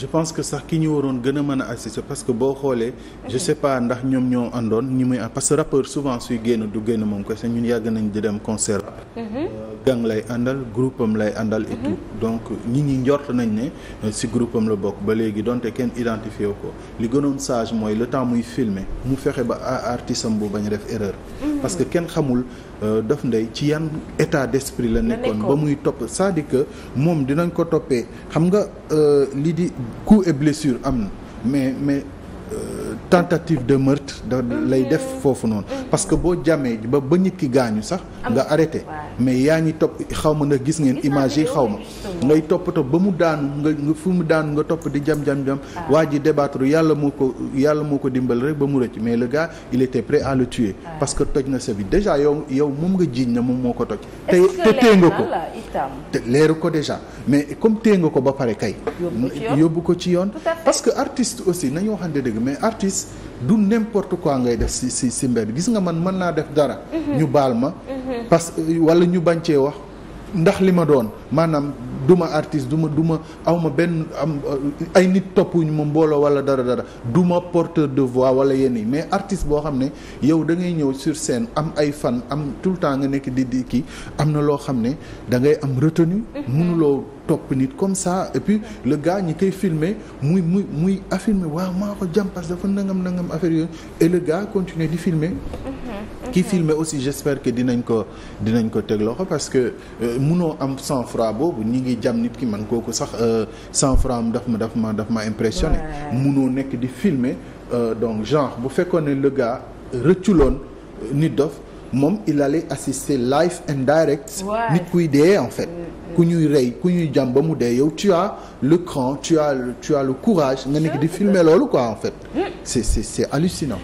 je pense que sax ki ñu waroon gën a mën a assister parce que boo xoolee. je sais pas ndax ñoom ñoo àndoon ñi muy parce que rappeur souvent suy génn du génn moom kese ñun yàgg nañ di dem concert. Mhm. Euh, gang lay àndal groupe am lay àndal. et mhm. donc ñi ñi njort nañ ne euh, si groupe am la bokk ba léegi donte kenn identifié wu ko li gënoon sage mooy le temps muy filmer mu fexe ba artiste am bu bañ a def erreur. Mhm. parce que kenn xamul euh, daf ndey ci yan état d'esprit la nekkoon ba muy topp c'est-à-dire moom dinañ ko toppee xam nga li di. coups et blessures am na mais mais. Euh, tentative de meurtre da lay def foofu noonu parce que boo jamee ba nit ki gaañu sax nga arrêté mais yaa ngi topp xaw ma ndax gis ngeen image yi xaw ma ngay toppatoo ba mu daanu nga fu mu daanu nga topp di jam jam jam ah. waa ji débattre yàlla moo ko yàlla moo ko dimbal rek ba mu rëcc mais le gars il était prêt à le tuer parce que toj na sa bi déjà yow yow moom nga jiiñ na moom moo ko toj te te nga ko te leeru ko déjà mais comme téye nga ko ba pare kay yóbbu ko ci yoon parce gis du n'importe quoi ngay def si si mbedd gis nga man mën naa def dara. Mhm. ñu baal ma. Mhm. parce que wala ñu bañ cee wax ndax li ma doon maanaam. du ma artiste du ma du ma aw ma benn am euh, ay nit toppuñu ma mbooloo wala dara dara du ma porteur de voix wala yenn yi mais artiste boo xam ne yow da ngay ñëw sur scène am ay fan am tout le temps nga nekk di di kii am na loo xam ne da ngay am retenue mhm. mënuloo topp nit comme sa et puis le gars ñi koy filmer muy muy muy affirmer waaw maa ko jam jàmpas dafa nangam nangam affaire yooyu et le gars continue di filmer mhm. ki filmer aussi j'espère que dinañ ko dinañ ko teg loxo parce que euh, munoo am sang froid boobu ñi ngi jam nit ki man kooku sax sang euh, froid am daf ma daf ma daf ma impressionné munoo nekk di filmer euh, donc genre bu fekkoon ne le gars rëcculoon nit dof moom il allait assister live and direct nit kuy dee en fait mm, mm. ku ñuy rey ku ñuy jàm ba mu dee yow tu as le cran tu as tu as le courage nga nekk di filmer loolu ko en fait mm. c'est c'est c'est hallucinant